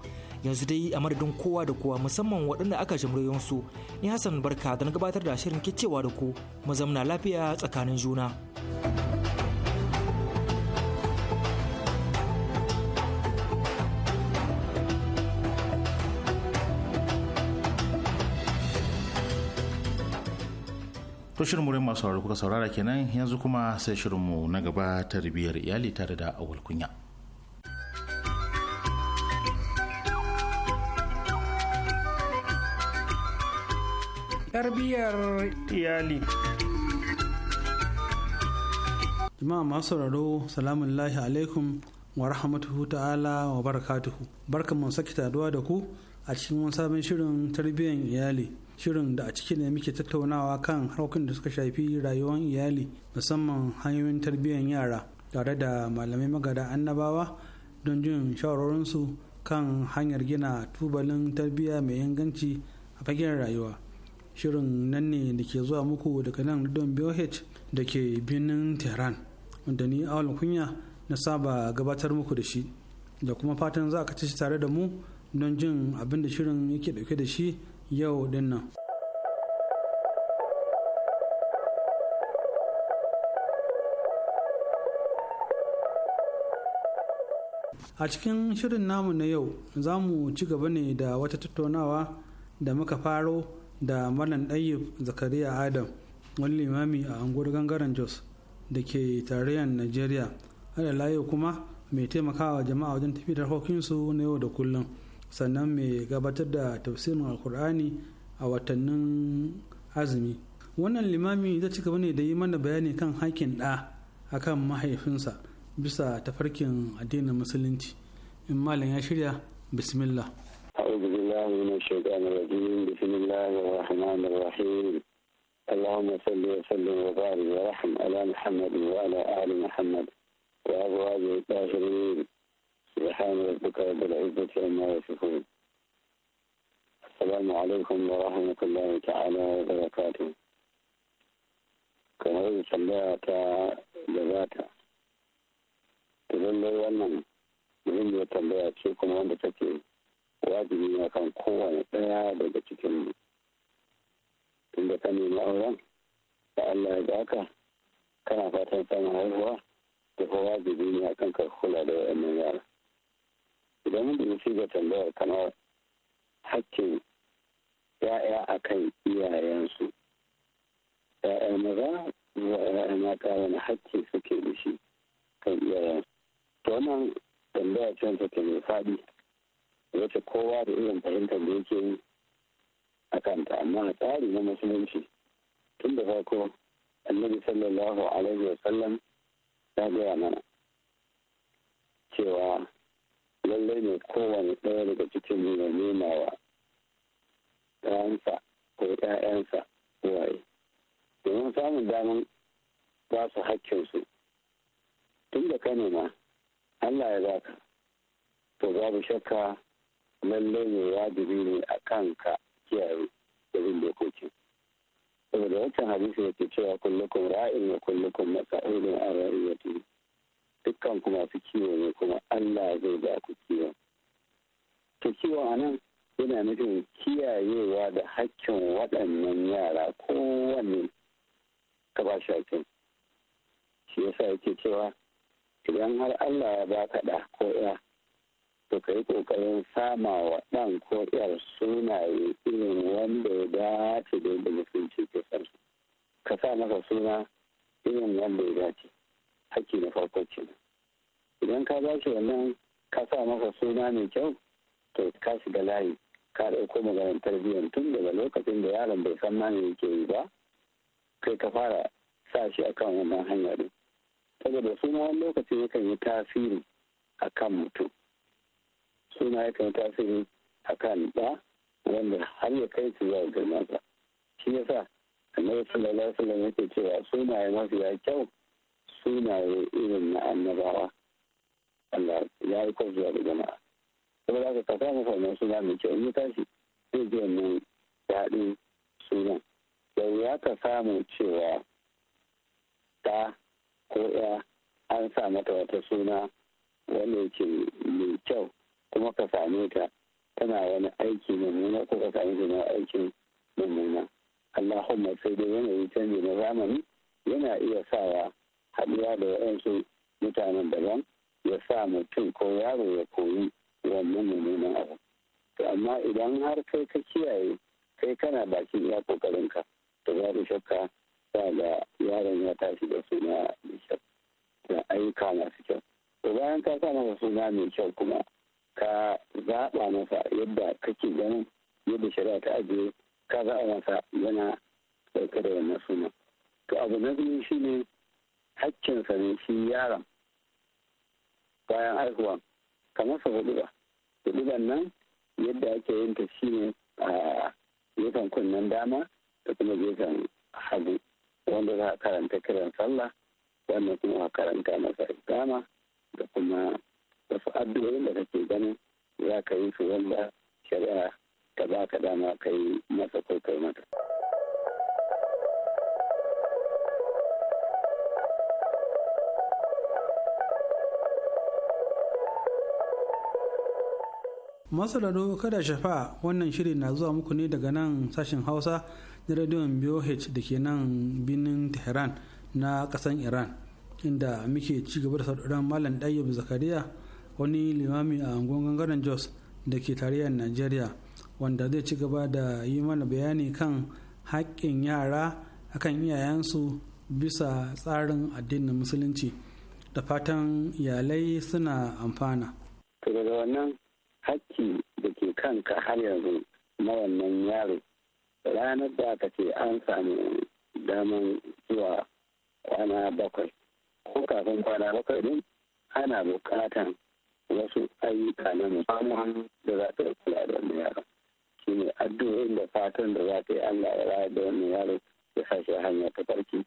yanzu dai a madadin kowa da kowa musamman waɗanda aka jimriyon su ni hassan barka da na gabatar da shirin kicewa da ku mu zamna lafiya tsakanin juna. to shirin murin masu sauraro kuka saurara kenan yanzu kuma sai mu na gaba tarbiyyar iyali tare da awal kunya tarbiyyar iyali jama'a masu sauraro salamun lahi alaikum wa rahmatuhu ta'ala wa barakatuhu barkan mu saki taduwa da ku a cikin wani sabon shirin tarbiyyar iyali shirin da a ciki ne muke tattaunawa kan harkokin da suka shafi rayuwar iyali musamman hanyoyin tarbiyyar yara tare da malamai magada annabawa don jin shawarorinsu kan hanyar gina tubalin tarbiyya mai inganci a fagen rayuwa shirin nan ne da ke zuwa muku daga nan don boh da ke birnin tehran wanda ni awal kunya na saba gabatar muku da shi da kuma fatan za ka ci tare da mu don jin abin da shirin yake dauke da shi yau dinnan. a cikin shirin namu na yau za mu ci gaba ne da wata tattaunawa da muka faro da malam ɗayyub zakariya adam wani limami a unguwar gangaren jos da ke tarayyar nigeria hada layo kuma mai taimakawa jama'a wajen tafi da na yau da kullum sannan mai gabatar da tafsirin alkur'ani a watannin azumi wannan limami zai ci gaba ne da yi mana bayani kan hakin ɗa kan mahaifinsa bisa tafarkin addinin musulunci in malam ya shirya bismillah أعوذ من الشيطان الرجيم بسم الله الرحمن الرحيم اللهم صل وسلم وبارك ورحم على محمد وعلى آل محمد وأزواجه الطاهرين سبحان ربك رب العزة عما يصفون السلام عليكم ورحمة الله تعالى وبركاته كما سمعت لذاتا تظل وانا مهم يتنبيع تشيكم وانا تكي واجب ما كان قوة نتايا بيجا تشيكم إن كان يمعوها فالله يبعك كان فاتن سنة هو تفواجب ما كان كخلاله من يعلم idan mun dubi siga tambayar kamar hakkin ya'ya a kan iyayensu ya'ya maza zuwa ya'ya mata wani hakki suke da shi kan iyayensu to wannan tambaya ce ta ke mai faɗi wace kowa da irin fahimtar da yake yi a kanta amma tsari na musulunci tun da farko annabi sallallahu alaihi wa sallam ya gaya mana cewa lallai ne kowane ɗaya daga cikin ya nema wa ɗansa ko ‘ya'yansa waye domin samun daman ba su hakkinsu tun da ka nema Allah ya baka to babu shakka lalle ne wajibi ne a kan ka kiyaye da bin dokokin saboda wancan hadisi da ke cewa kullukun ra'in wa a masa'ulun an ra'iyyati dukkan ku masu kiwo ne kuma Allah zai ba ku kiwo To kiwo a nan yana nufin kiyayewa da hakkin waɗannan yara kowanne ka ba shi hakkin. Shi yasa yake cewa idan har Allah ya ba ka ɗa ko ya to ka yi ƙoƙarin sama wa ɗan ko ƴar sunaye irin wanda ya dace da yadda ce ke sarsu. ka sa masa suna irin wanda ya dace. hakki na farko ce idan ka ba shi wannan ka sa masa suna mai kyau to ka shiga layi ka ɗauko maganar tarbiyyar tun daga lokacin da yaron bai san mani yake yi ba kai ka fara sa shi kan wannan hanya din saboda suna wani lokaci yakan yi tasiri a kan mutum suna yakan yi tasiri a kan ɗa wanda har ya kai su zuwa girmansa shi ya sa annabi sallallahu alaihi wasallam yake cewa sunaye mafiya kyau sunaye irin na annabawa Allah ya yi zuwa da jama'a saboda haka ka samu wannan suna mai kyau in ya tashi zai ji wannan daɗin sunan da ya ka samu cewa ta ko ya an sa mata wata suna wanda yake mai kyau kuma ka same ta tana wani aiki mummuna ko ka same ta na aikin mummuna Allahumma sai dai yanayin canji na zamani yana iya sawa haɗuwa da waɗansu mutanen daban ya sa mutum ko yaro ya koyi wannan mummunan abu to amma idan har kai ka kiyaye kai kana bakin iya ka to babu shakka sa da yaron ya tashi da suna mai kyau da ayyuka masu kyau to bayan ka sa masa suna mai kyau kuma ka zaɓa masa yadda kake ganin yadda shari'a ta ajiye ka zaɓa masa yana ɗauke da wannan suna to abu na biyu shine haƙƙinsa ne shi yaron bayan haihuwa ka masa huduba huduban nan yadda ake yin ta shi ne a gefen kunnen dama da kuma gefen hagu wanda za a karanta kiran sallah wannan kuma a karanta masa dama da kuma wasu addu'o'in da kake ganin za ka yi su wanda shari'a ta ba ka dama ka yi masa ko mata. masararo kada shafa wannan shiri na zuwa muku ne daga nan sashen hausa na rediyon BOH da ke nan birnin Tehran na kasan Iran inda muke cigaba da sauraron Malam Dayyab Zakariya wani limami a angon gangaren Jos da ke tarayyar nigeria wanda zai ci gaba da yi mana bayani kan haƙƙin yara akan iyayensu bisa tsarin addinin musulunci da fatan iyalai suna amfana. hakki da ke kanka har yanzu na wannan yaro ranar da aka ce an samu daman zuwa kwana bakwai ko kafin kwana bakwai din ana bukatan wasu ayyuka na musamman da za ta kula da wannan yaro shi ne addu'o'in da fatan da za ta yi allah ya da wannan yaro ya sashi hanya ta farki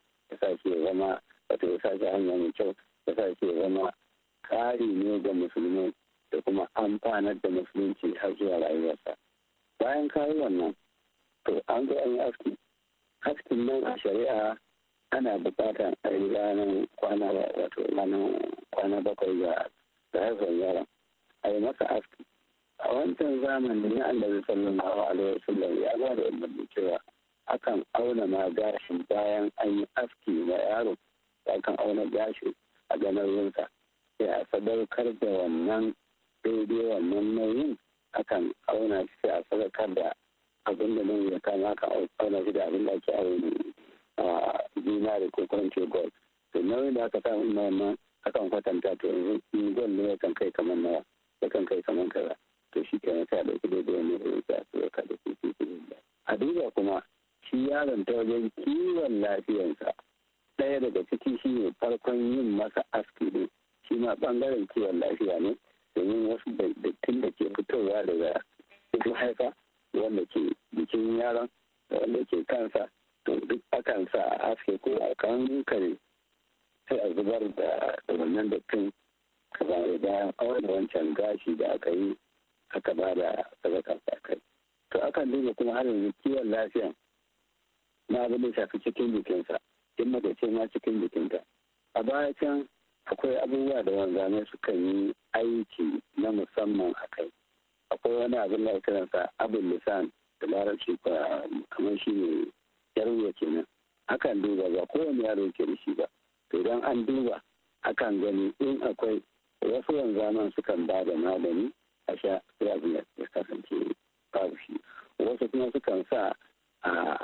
akan duba ba kowane yaro ke da shi ba to idan an duba akan gani in akwai wasu wanzaman sukan ba da magani a sha abin ya kasance babu shi wasu kuma sukan sa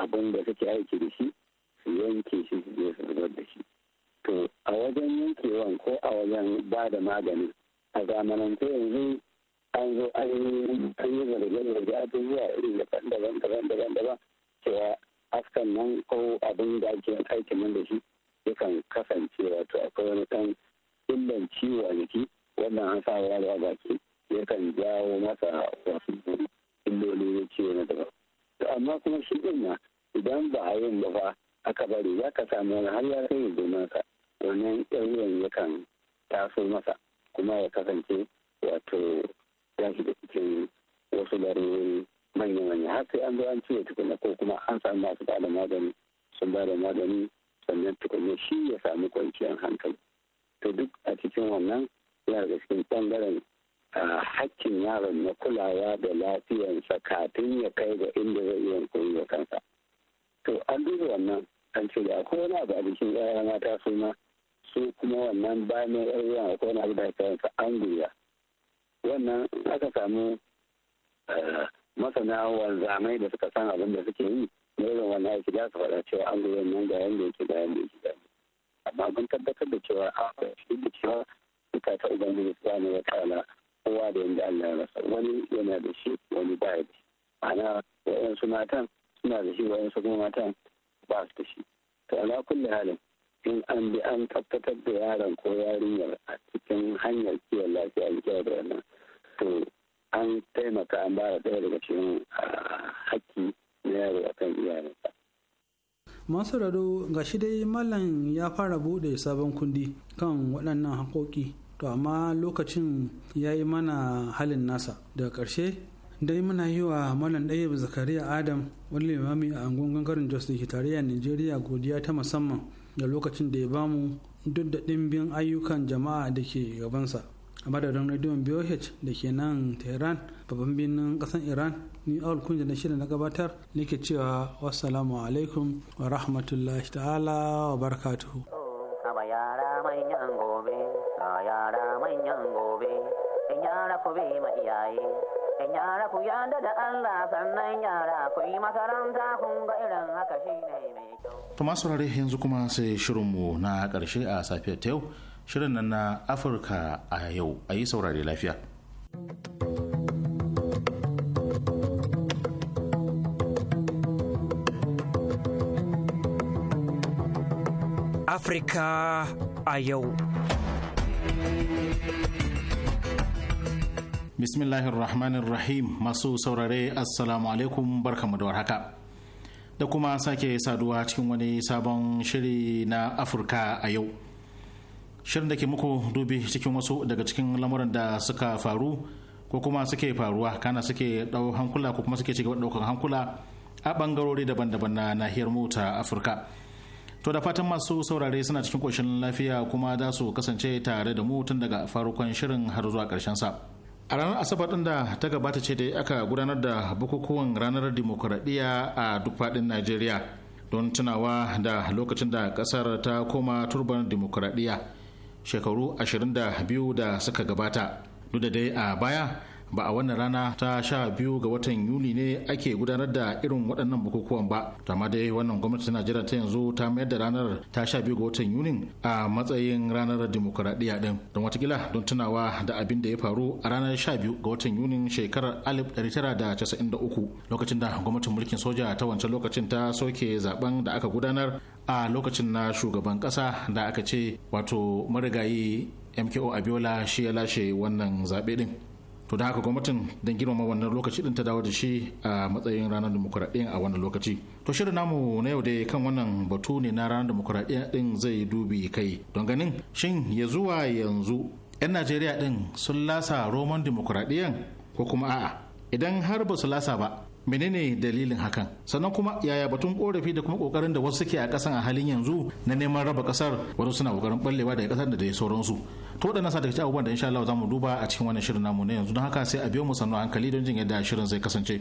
abin da suke aiki da shi su yanke shi su je su zubar da shi to a wajen yankewan ko a wajen ba da magani a zamanance yanzu an zo an yi zarge-zarge abubuwa irin daban daban daban daban daban cewa haskan nan ko abin da ake aikin nan da shi yakan kasance wato akwai wani kan illan ciwo a jiki ɗaya da wannan to an taimaka an bara ɗaya daga cikin ah, haƙƙi na yaro a kan iyayensa. masu raro ga shi dai mallam ya fara buɗe sabon kundi kan waɗannan haƙoƙi to amma lokacin ya yi mana halin nasa daga ƙarshe dai muna yi wa mallam ɗaya zakariya adam wani limami a angon gangaren jos da ke tarayyar nigeria godiya ta musamman da lokacin da ya bamu duk da ɗimbin ayyukan jama'a da ke gabansa a madadin rediyon boh da ke nan tehran babban birnin kasan iran ni awal kunja na shirin na gabatar nake cewa wassalamu alaikum wa rahmatullahi ta'ala wa barakatuhu yara manyan gobe yara in yara ku bi ma iyaye in yara ku yada da Allah sannan yara ku yi makaranta kun ga irin haka shine mai kyau to masu yanzu kuma sai shirinmu na karshe a safiyar ta yau shirin nan na afirka a yau a yi saurare lafiya afirka a yau bismillahir rahmanir rahim masu saurare assalamu alaikum barkamu da warhaka da kuma sake saduwa cikin wani sabon shiri na afirka a yau shirin da ke muku dubi cikin wasu daga cikin lamuran da suka faru ko kuma suke faruwa kana suke dau hankula ko kuma suke cigaba ɗaukan hankula a bangarori daban-daban na nahiyar mu ta afirka to da fatan masu saurare suna cikin ƙoshin lafiya kuma za su kasance tare da mu tun daga farukan shirin har zuwa karshen sa a ranar asabar ɗin da ta gabata ce da aka gudanar da bukukuwan ranar dimokuraɗiyya a duk faɗin najeriya don tunawa da lokacin da ƙasar ta koma turban dimokuraɗiyya shekaru 22 da suka gabata duk da dai a baya ba a wannan rana ta sha biyu ga watan yuli ne ake gudanar da irin waɗannan bukukuwan ba to amma dai wannan gwamnati najeriya ta yanzu ta mayar da ranar ta sha biyu ga watan yunin a matsayin ranar dimokuraɗiyya ɗin don watakila don tunawa da abin da ya faru a ranar sha biyu ga watan yunin shekarar alif ɗari tara da casa'in da uku lokacin da gwamnatin mulkin soja ta wancan lokacin ta soke zaben da aka gudanar a lokacin na shugaban kasa da aka ce wato marigayi mko abiola shi ya lashe wannan zaɓe din to da haka gwamnatin don girmama wannan lokaci din ta dawo da shi a matsayin ranar demokuraɗiyya a wannan lokaci to shirin namu na yau dai kan wannan batu ne na ranar demokuraɗiyya din zai dubi kai don ganin shin ya zuwa yanzu 'yan najeriya din sun lasa roman demokuraɗiyyan ko kuma a'a idan har ba su lasa ba menene dalilin hakan sannan kuma yaya batun korafi da kuma kokarin da wasu suke a kasan a halin yanzu na neman raba kasar wasu suna kokarin ballewa daga kasar da dai sauransu to da nasa daga cikin abubuwan da insha Allah za mu duba a cikin wannan shirin namu na yanzu don haka sai a biyo mu sannu hankali don jin yadda shirin zai kasance.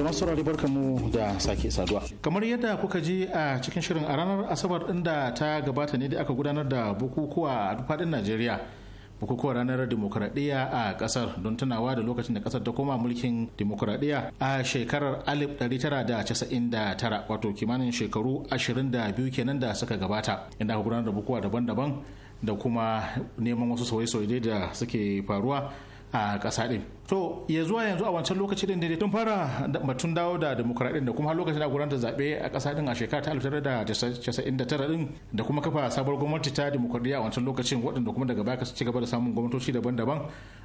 Jama'a saurari mu da sake saduwa. Kamar yadda kuka ji a cikin shirin a ranar Asabar ɗin da ta gabata ne da aka gudanar da bukukuwa a faɗin Najeriya. bukukuwar ranar demokuraɗiyya a ƙasar don tunawa da lokacin da ƙasar ta koma mulkin demokuraɗiyya a shekarar 1999 wato kimanin shekaru 22 kenan da suka gabata inda aka gudanar da bukukuwa daban-daban da kuma neman wasu sauye-sauye da suke faruwa a ƙasa ɗin. To ya zuwa yanzu a wancan lokaci din daidai tun fara batun dawo da demokuraɗin da kuma har lokacin da gudanar zaɓe a ƙasa ɗin a shekara ta da casa'in da da kuma kafa sabuwar gwamnati ta demokuraɗiyya a wancan lokacin waɗanda kuma daga baya ka ci gaba da samun gwamnatoci daban-daban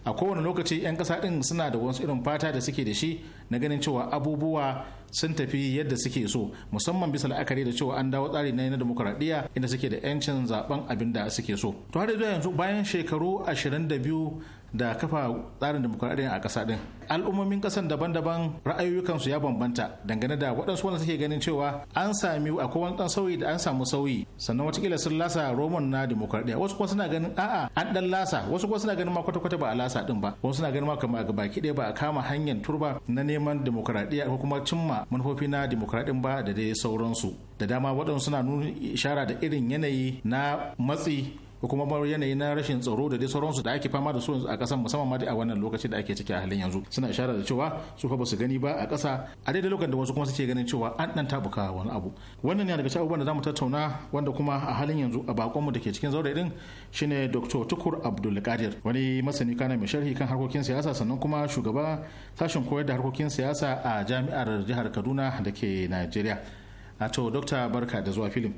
a kowane lokaci 'yan ƙasa ɗin suna da wasu irin fata da suke da shi na ganin cewa abubuwa sun tafi yadda suke so musamman bisa la'akari da cewa an dawo tsari na demokuraɗiyya inda suke da 'yancin zaben abin da suke so to har yanzu bayan shekaru 22 da kafa tsarin demokuraɗiyya a ƙasa ɗin al'ummomin ƙasan daban-daban ra'ayoyinsu ya bambanta dangane da waɗansu wanda suke ganin cewa an sami akwai wani ɗan sauyi da an samu sauyi sannan watakila sun lasa roman na demokuraɗiyya wasu kuma suna ganin a'a an ɗan lasa wasu kuma suna ganin ma kwata-kwata ba a lasa ɗin ba wasu suna ganin ma kama ga baki ɗaya ba a kama hanyar turba na neman demokuraɗiyya ko kuma cimma manufofi na demokuraɗin ba da dai sauransu da dama waɗansu suna nuna ishara da irin yanayi na matsi ko kuma yanayi na rashin tsaro da dai sauransu da ake fama da su a kasan musamman ma dai a wannan lokaci da ake ciki a halin yanzu suna ishara da cewa su fa basu gani ba a kasa a daidai lokacin da wasu kuma suke ganin cewa an dan tabuka wani abu wannan ne daga cikin abubuwan da zamu tattauna wanda kuma a halin yanzu a bakon da ke cikin zaure din shine Dr. Tukur abdul Qadir wani masani kana mai sharhi kan harkokin siyasa sannan kuma shugaba sashen koyar da harkokin siyasa a jami'ar jihar Kaduna da ke Najeriya a to dokta barka da zuwa filin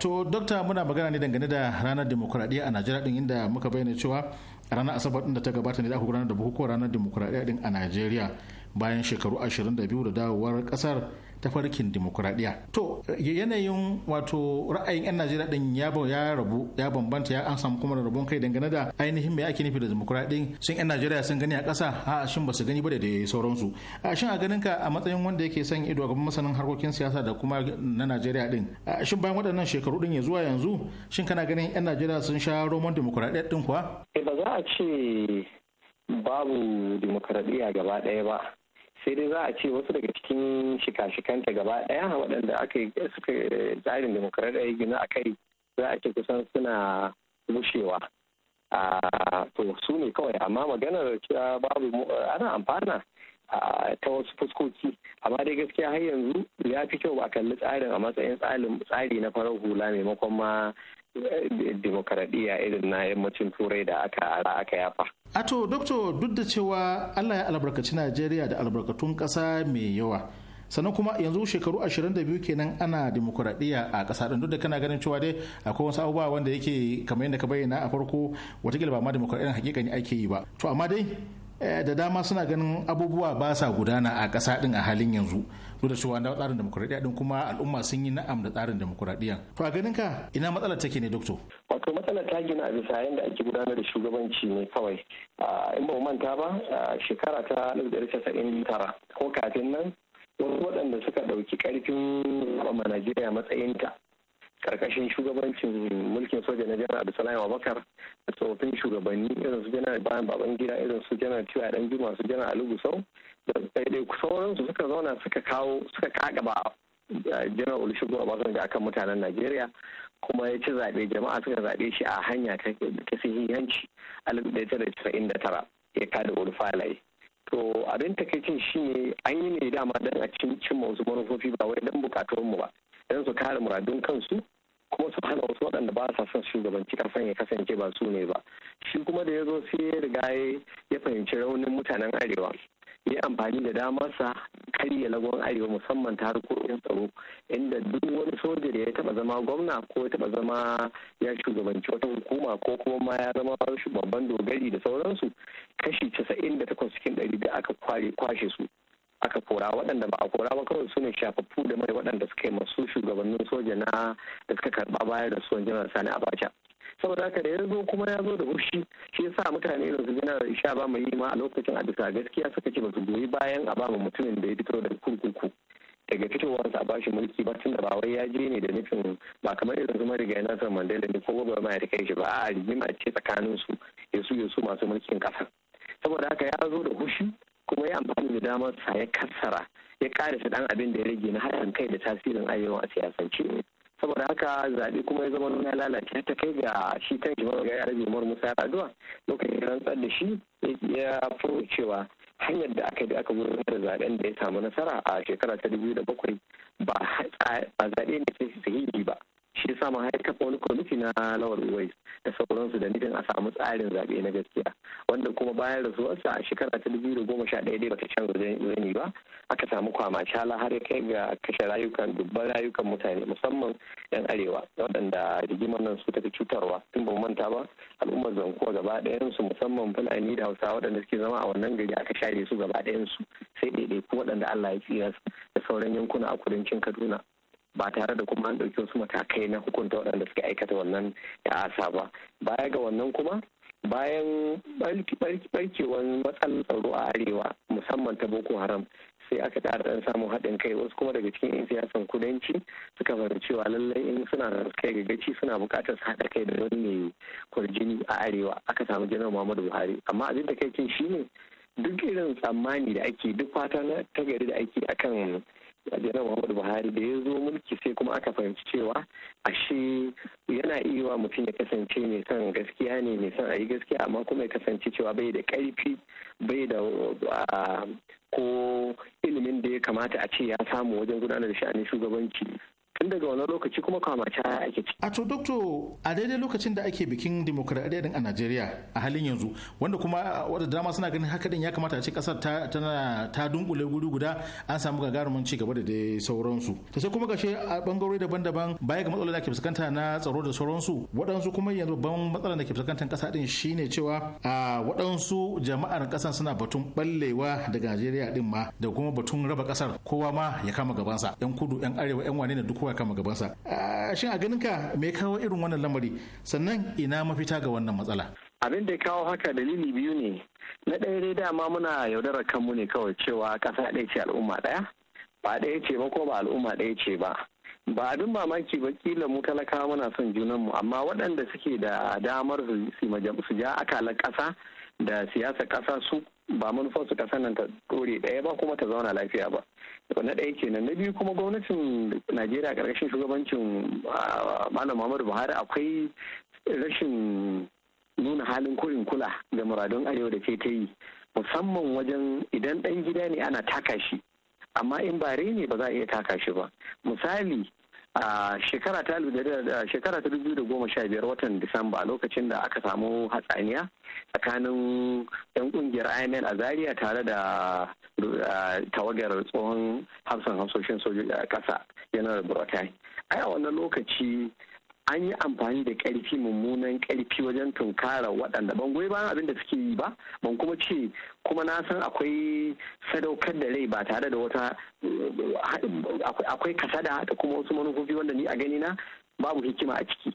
to dokta muna magana ne dangane da ranar demokuraɗiyya a najeriya din inda muka bayyana cewa ranar asabar din da ta gabata ne da aka gudanar da bukukuwar ranar demokuraɗiyya din a najeriya bayan shekaru 22 da dawowar ƙasar tafarkin dimokuraɗiyya to yanayin wato ra'ayin 'yan najeriya din ya rabu ya bambanta ya an samu kuma rabon kai dangane da ainihin me ake nufi da dimokuraɗin sun 'yan najeriya sun gani a ƙasa a shin ba su gani ba da sauransu a shin a ganin ka a matsayin wanda yake son ido a gaban masanin harkokin siyasa da kuma na najeriya din shin bayan waɗannan shekaru din ya zuwa yanzu shin kana ganin 'yan najeriya sun sha roman dimokuraɗiyya ɗin kuwa eh, ba za a ce babu dimokuraɗiyya gaba ɗaya ba sai dai za a ce wasu daga cikin shika-shikanta gaba ɗaya waɗanda aka yi suka eh, tsarin demokaradiyya gina a kai za a ce kusan suna bushewa to su ne kawai amma maganar cewa babu eh, ana amfana ta wasu fuskoki amma dai gaskiya har yanzu ya fi kyau a kalli tsarin a matsayin tsari na farar hula maimakon ma demokaradiyya irin na yammacin turai da aka ara aka yafa. a to doktor duk da cewa allah ya albarkaci najeriya da albarkatun ƙasa mai yawa sannan kuma yanzu shekaru 22 kenan ana demokuraɗiyya a ƙasa ɗin duk da kana ganin cewa dai akwai wasu abubuwa wanda yake kamar yadda ka bayyana a farko watakila ba ma demokuraɗiyyar hakikani ake yi ba to amma dai eh, da dama suna ganin abubuwa ba sa gudana a ƙasa ɗin a halin yanzu duk da cewa na tsarin demokuraɗiyya din kuma al'umma sun yi na'am da tsarin demokuraɗiyya to a ganin ka ina matsalar take ne doktor wato matsalar ta gina a bisa yadda ake gudanar da shugabanci ne kawai in ba mu manta ba shekara ta alif da tara ko kafin nan wasu waɗanda suka ɗauki ƙarfin zaɓen Najeriya ta karkashin shugabancin mulkin soja na janar abdulsalam abubakar da tsofaffin shugabanni irin su jana bayan baban gida irin su janar tiwa ɗan jima su janar ali ɗaiɗai su suka zauna suka kawo suka kagaba janar eh, olusegun obasanjo akan mutanen najeriya kuma ya ci zaɓe jama'a suka zaɓe shi a hanya ta sahihanci alif ɗaya tara casa'in da tara ya kada olufalaye to abin takaicin shi ne an yi ne dama don a cin cimma wasu manufofi ba wai dan don mu ba don su kare muradun kansu kuma su hana wasu waɗanda ba sa son shugabanci kasan ya kasance ba su ne ba shi kuma da ya zo sai ya riga ya fahimci raunin mutanen arewa yi amfani da damarsa karya lagon arewa musamman ta harkokin tsaro inda duk wani soja da ya taba zama gwamna ko ya taba zama ya shugabanci wata hukuma ko kuma ma ya zama babban dogari da sauransu kashi casa'in da takwas cikin ɗari da aka kwashe su aka kora waɗanda ba a kora ba kawai su ne shafaffu da mai waɗanda suka yi masu shugabannin soja na da suka karɓa bayar da suwan janar sani abacha saboda haka da ya zo kuma ya zo da ushi shi yasa mutane yanzu da sha ba mu yi ma a lokacin a bisa gaskiya suka ce ba su goyi bayan a ba mutumin da ya fito daga kurkuku daga fitowarsa a bashi mulki ba tun da ba wai ya je ne da nufin ba kamar irin zuma riga yana son mandela ne ko ba ma ya kai shi ba a rigima ce tsakanin su ya su masu mulkin kasa saboda haka ya zo da hushi kuma ya amfani da damar sa ya kassara ya karisa dan abin da ya rage na haɗin kai da tasirin arewa a siyasance saboda haka zaɓe kuma ya zama nuna lalace ta kai ga shi kan shi ga ya rage umar musa raduwa lokacin rantsar da shi ya furo cewa hanyar da aka yi aka gudanar da zaɓen da ya samu nasara a shekara ta dubu da bakwai ba zaɓe ne sai sahihi ba shi sa mu haika wani kwamiti na lawal wais da sauransu da nufin a samu tsarin zaɓe na gaskiya wanda kuma bayan rasuwarsa a shekara ta dubu da goma sha ɗaya dai bata canza zani ba aka samu kwama shala har ya kai ga kashe rayukan dubban rayukan mutane musamman yan arewa waɗanda rigimar nan su tafi cutarwa tun ba manta ba al'ummar zankuwa gaba ɗayansu musamman fulani da hausa waɗanda suke zama a wannan gari aka share su gaba ɗayansu sai ɗaiɗaiku waɗanda allah ya tsira da sauran yankuna a kudancin kaduna ba tare da kuma an ɗauki wasu matakai na hukunta waɗanda suke aikata wannan ta'asa ba baya ga wannan kuma bayan barkewan matsalar tsaro a arewa musamman ta boko haram sai aka tsara ɗan samun haɗin kai wasu kuma daga cikin 'yan siyasan kudanci suka fara cewa lallai in suna da kai ga gaci suna buƙatar su haɗa kai da wani mai kwarjini a arewa aka samu janar muhammadu buhari amma abin da kai shine duk irin tsammani da ake duk fata na gari da ake akan jiran muhammadu buhari da ya zo mulki sai kuma aka fahimci cewa ashe yana iya mutum ya kasance mai son gaskiya ne mai son a yi gaskiya amma kuma ya kasance cewa bai da karfi bai da ko ilimin da ya kamata a ce ya samu wajen gudanar da sha'anin shugabanci tun daga wani lokaci kuma kwamace ake ciki. A to dokto a daidai lokacin da ake bikin dimokuraɗiyya din a Najeriya a halin yanzu wanda kuma ah, wadda dama suna ganin haka din ya kamata a ce kasar ta tana ta dunkule guri guda an samu gagarumin ci gaba da dai sauransu. Ta sai kuma gashe a bangarori daban-daban baya ga matsalolin da ke fuskanta na tsaro da sauransu waɗansu kuma yanzu ban matsalar da ke fuskantar ƙasa din shine cewa a ah, waɗansu jama'ar ƙasar suna batun ballewa daga Najeriya din ma da kuma batun raba ƙasar kowa ma ya kama gabansa 'yan kudu 'yan arewa 'yan wane ne duk koya kama gabansa ah, shin a ganin ka me kawo irin wannan lamari sannan ina mafita ga wannan matsala abin da ya kawo haka dalili biyu ne na ɗaya dai dama muna yaudarar kanmu ne kawai cewa ƙasa ɗaya ce al'umma ɗaya ba ɗaya ce ba ko ba al'umma ɗaya ce ba ba abin mamaki ba kila mu talakawa muna son junanmu amma waɗanda suke da damar su ja akalar ƙasa da siyasa ƙasa su ba manufarsu ƙasar nan ta ɗore ɗaya ba kuma ta zauna lafiya ba na ɗaya kenan na biyu kuma gwamnatin najeriya ƙarƙashin shugabancin ah, malam muhammadu buhari akwai rashin nuna halin kurin kula da muradun arewa da ta yi musamman wajen idan ɗan gida ne ana taka shi amma in ba ne ba za a iya taka shi ba misali a shekara ta dubu da goma sha biyar watan disamba lokacin da aka samu hatsaniya tsakanin yan kungiyar imn a zaria tare da tawagar tsohon hamsin hafsoshin sojoji a ƙasa yana da ai a wannan lokaci an yi amfani da ƙarfi mummunan ƙarfi wajen tunkara waɗanda ban goyi ba abin da suke yi ba ban kuma ce kuma na san akwai sadaukar da rai ba tare da wata akwai kasada da kuma wasu manufofi wanda ni a gani na babu hikima a ciki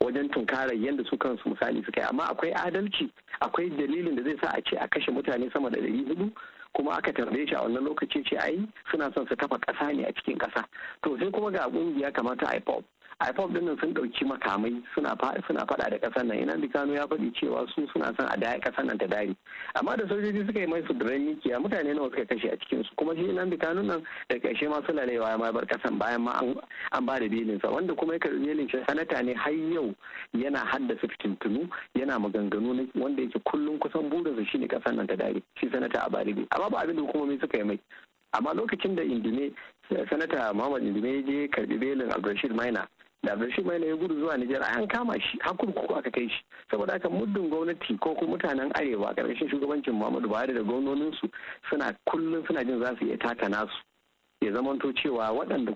wajen tunkara yadda su kansu misali suka yi amma akwai adalci akwai dalilin da zai sa a ce a kashe mutane sama da ɗari hudu kuma aka tarbe shi a wannan lokaci ce ai suna son su kafa ƙasa ne a cikin ƙasa to sai kuma ga ƙungiya kamar ta ipop IPOP din sun dauki makamai suna suna fada da kasar nan ina Kano ya faɗi cewa su suna son a daya kasar nan ta dare amma da sojoji suka yi mai su nikiya mutane nawa suka kashe a cikin su kuma shi ina Kano nan da karshe ma lalewa ya bar kasan bayan ma an ba da belin sa wanda kuma ya karbi belin shi sanata ne har yau yana haddasa fitintunu yana maganganu wanda yake kullum kusan burinsa shine kasar nan ta dare shi sanata a balibi amma ba abin da hukumomi suka yi mai amma lokacin da indine sanata muhammad indime ya je karbi belin abdulrashid maina da mai na ya gudu zuwa Nijar an kama shi har kurkuku aka kai shi saboda haka muddin gwamnati ko kuma mutanen arewa karkashin shugabancin Muhammadu Buhari da su suna kullum suna jin za su iya taka nasu ya zamanto cewa waɗanda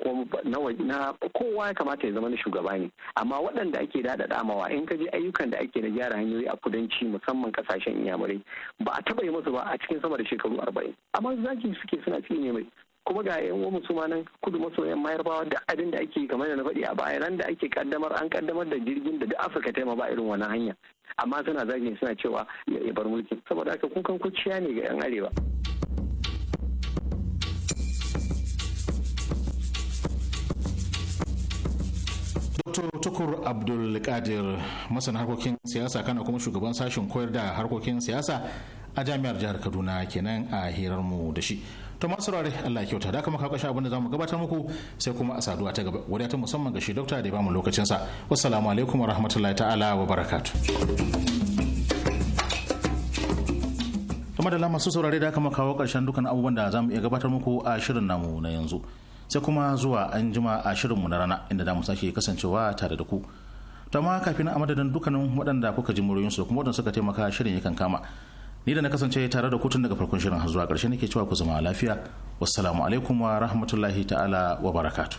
na kowa ya kamata ya zama na shugaba ne amma waɗanda ake daɗa damawa in ka je ayyukan da ake na gyara hanyoyi a kudanci musamman kasashen iyamurai ba a taba yi musu ba a cikin sama da shekaru arba'in amma zaki suke suna ne mai kuma ga yan uwa musulmanan kudu maso yamma yarbawa da abin da ake kamar da na faɗi a baya nan da ake kaddamar an kaddamar da jirgin da duk afirka ta ba irin wannan hanya amma suna zagin suna cewa ya bar mulki saboda haka kukan kuciya ne ga yan arewa. Dr. Tukur Abdulkadir masana harkokin siyasa kana kuma shugaban sashen koyar da harkokin siyasa a jami'ar jihar Kaduna kenan a hirar mu da shi. to masu rare Allah kyauta da kuma ka kashe abin da zamu gabatar muku sai kuma a saduwa ta gaba wadata musamman ga shi dokta da ya bamu lokacin sa wassalamu alaikum warahmatullahi ta'ala wa barakatuh kuma da masu saurare da kama kawo karshen dukan abubuwan da mu iya gabatar muku a shirin namu na yanzu sai kuma zuwa an jima a shirinmu na rana inda zamu sake kasancewa tare da ku ta ma kafin a madadin dukkanin waɗanda kuka ji muryoyinsu kuma waɗanda suka taimaka shirin yakan kama ni da na kasance tare da kutun daga farkon shirin har zuwa ƙarshe nake cewa ku zama lafiya wassalamu alaikum wa rahmatullahi ta'ala wa barakatu.